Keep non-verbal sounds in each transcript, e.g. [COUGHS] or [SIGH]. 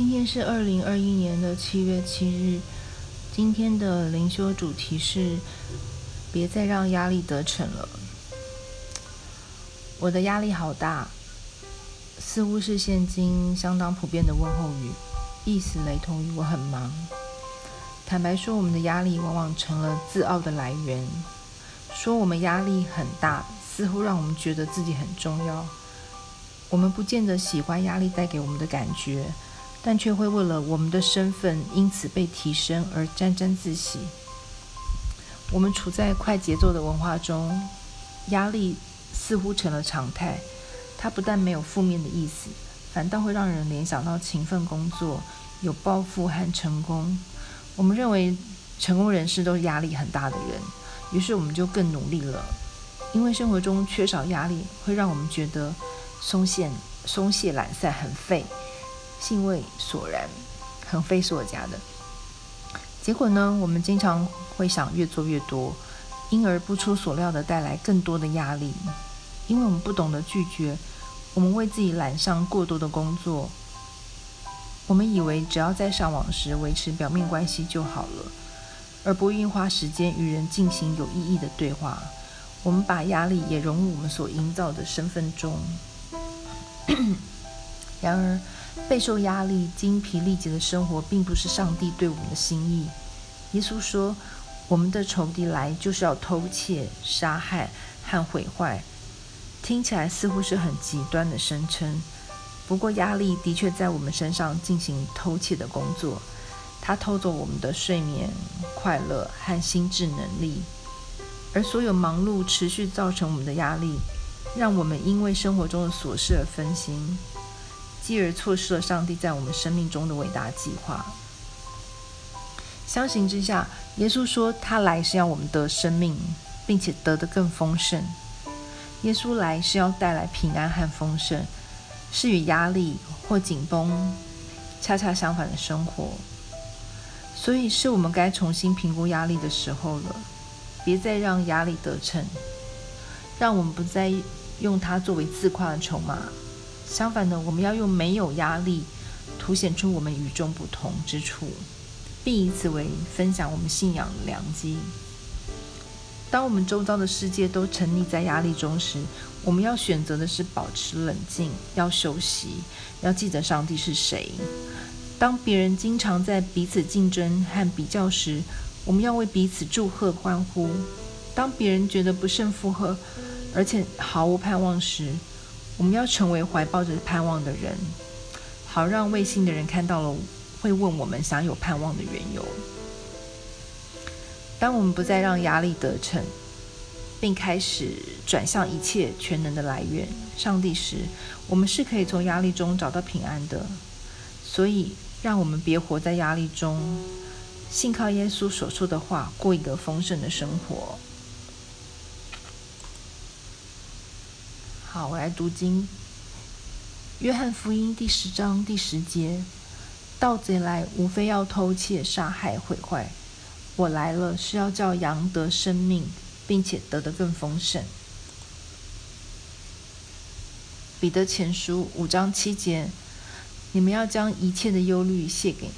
今天是二零二一年的七月七日。今天的靈修主題是：別再讓壓力得逞了。我的壓力好大，似乎是現今相當普遍的問候語，意思雷同於“我很忙”。坦白說，我們的壓力往往成了自傲的來源。說我們壓力很大，似乎讓我們覺得自己很重要。我們不見得喜歡壓力帶給我們的感覺。但卻會為了我們的身份因此被提升而沾沾自喜。我們處在快節奏的文化中，壓力似乎成了常態。它不但沒有負面的意思，反倒會讓人聯想到勤奮工作、有抱負和成功。我們認為成功人士都是壓力很大的人，於是我們就更努力了。因為生活中缺少壓力，會讓我們覺得鬆懈、鬆懈懶散很廢。興味索然，很非所加的。結果呢？我們經常會想越做越多，因而不出所料地帶來更多的壓力。因為我們不懂得拒絕，我們為自己攬上過多的工作。我們以為只要在上網時維持表面關係就好了，而不願意花時間與人進行有意義的對話。我們把壓力也融入我們所營造的身份中。 [COUGHS] 然而。備受壓力、精疲力竭的生活，並不是上帝對我們的心意。耶穌說：“我們的仇敵來就是要偷竊、殺害和毀壞。”聽起來似乎是很極端的聲稱，不過壓力的確在我們身上進行偷竊的工作，它偷走我們的睡眠、快樂和心智能力，而所有忙碌持續造成我們的壓力，讓我們因為生活中的瑣事而分心。繼而錯失了上帝在我們生命中的偉大計劃。相形之下，耶穌說他來是要我們得生命，並且得的更豐盛。耶穌來是要帶來平安和豐盛，是與壓力或緊繃恰恰相反的生活。所以，是我們該重新評估壓力的時候了。別再讓壓力得逞，讓我們不再用它作為自誇的籌碼。相反的，我們要用沒有壓力，凸顯出我們與眾不同之處，並以此為分享我們信仰的良機。當我們周遭的世界都沉溺在壓力中時，我們要選擇的是保持冷靜，要休息，要記得上帝是誰。當別人經常在彼此競爭和比較時，我們要為彼此祝賀歡呼。當別人覺得不勝負荷，而且毫無盼望時，我們要成為懷抱着盼望的人，好讓未信的人看到了，會問我們享有盼望的緣由。當我們不再讓壓力得逞，並開始轉向一切權能的來源——上帝時，我們是可以從壓力中找到平安的。所以，讓我們別活在壓力中，信靠耶穌所說的話，過一個豐盛的生活。好，我來讀經。約翰福音第十章第十節：盜賊來，無非要偷竊、殺害、毀壞。我來了，是要叫羊得生命，並且得的更豐盛。彼得前書五章七節：你們要將一切的憂慮卸給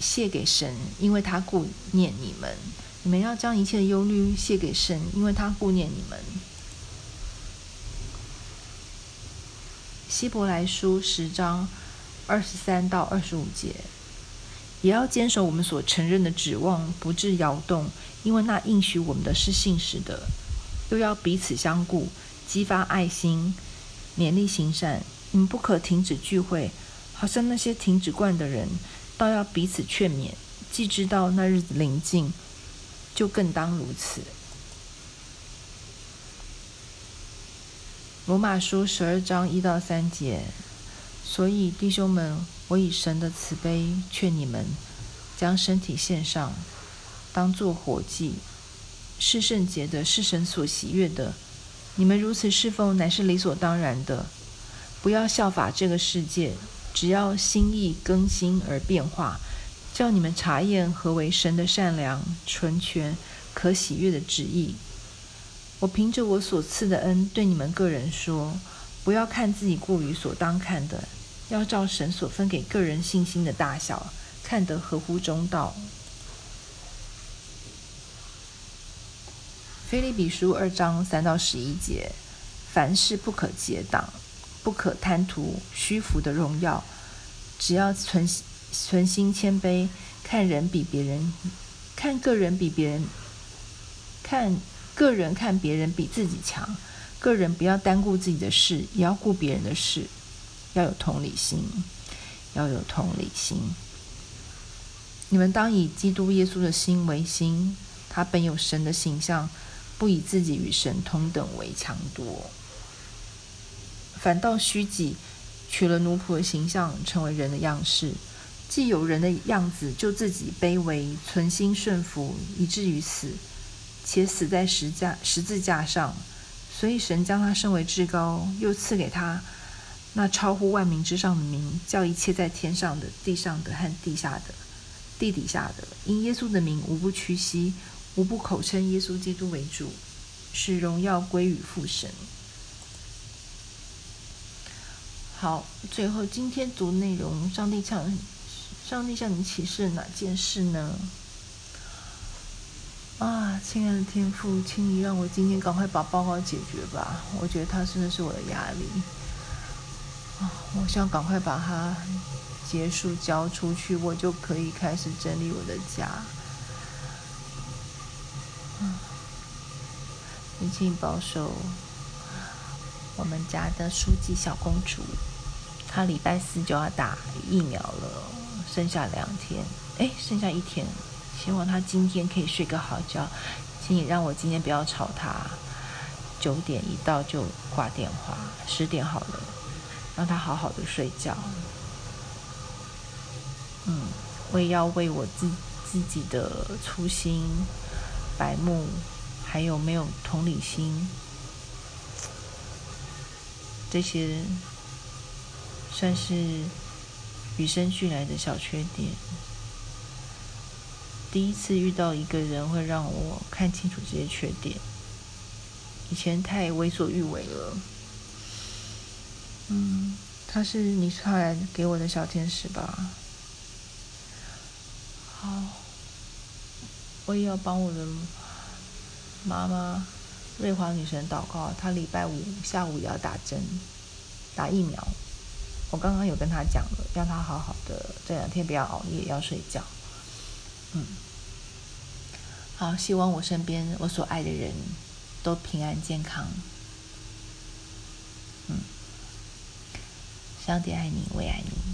卸給神，因為他顧念你們。你們要將一切的憂慮卸給神，因為他顧念你們。希伯來書十章二十三到二十五節，也要堅守我們所承認的指望，不致搖動，因為那應許我們的是信實的。又要彼此相顧，激發愛心，勉勵行善。你們不可停止聚會，好像那些停止慣的人，倒要彼此勸勉。既知道那日子臨近，就更當如此。羅馬書十二章一到三節，所以弟兄們，我以神的慈悲勸你們，將身體獻上，當作活祭，是聖潔的，是神所喜悅的。你們如此侍奉，乃是理所當然的。不要效法這個世界，只要心意更新而變化，叫你們查驗何為神的善良、純全、可喜悅的旨意。我憑着我所賜的恩，對你們各人說，不要看自己過於所當看的，要照神所分給各人信心的大小，看得合乎中道。腓立比書二章三到十一節，凡事不可結黨，不可貪圖虛浮的榮耀，只要存存心謙卑，看人比別人，看個人比別人，看。個人看別人比自己強，個人不要單顧自己的事，也要顧別人的事，要有同理心，要有同理心。你們當以基督耶穌的心為心，他本有神的形象，不以自己與神同等為強奪，反倒虛己，取了奴僕的形象，成為人的樣式；既有人的樣子，就自己卑微，存心順服，以至於死。且死在十架十字架上，所以神將他升為至高，又賜給他那超乎萬民之上的名，叫一切在天上的、地上的和地下的、地底下的，因耶穌的名，無不屈膝，無不口稱耶穌基督為主，使榮耀歸與父神。好，最後今天讀內容，上帝向上帝向你啟示了哪件事呢？啊，親愛的天父，請你讓我今天趕快把報告解決吧。我覺得他真的是我的壓力啊，我想趕快把它結束交出去，我就可以開始整理我的家。啊，你請你保守，我們家的書記小公主，她禮拜四就要打疫苗了，剩下兩天，哎，剩下一天。希望他今天可以睡個好覺，請你讓我今天不要吵他。九點一到就掛電話，十點好了，讓他好好的睡覺。嗯，我也要為我自自己的粗心、白目，還有沒有同理心，這些算是與生俱來的小缺點。第一次遇到一個人會讓我看清楚這些缺點，以前太為所欲為了。嗯，他是你派給我的小天使吧？好，我也要幫我的媽媽瑞華女神禱告，她禮拜五下午也要打針、打疫苗。我剛剛有跟她講了，讓她好好的這兩天不要熬夜，要睡覺。嗯，好，希望我身邊我所愛的人都平安健康。嗯，上帝愛你，我也愛你。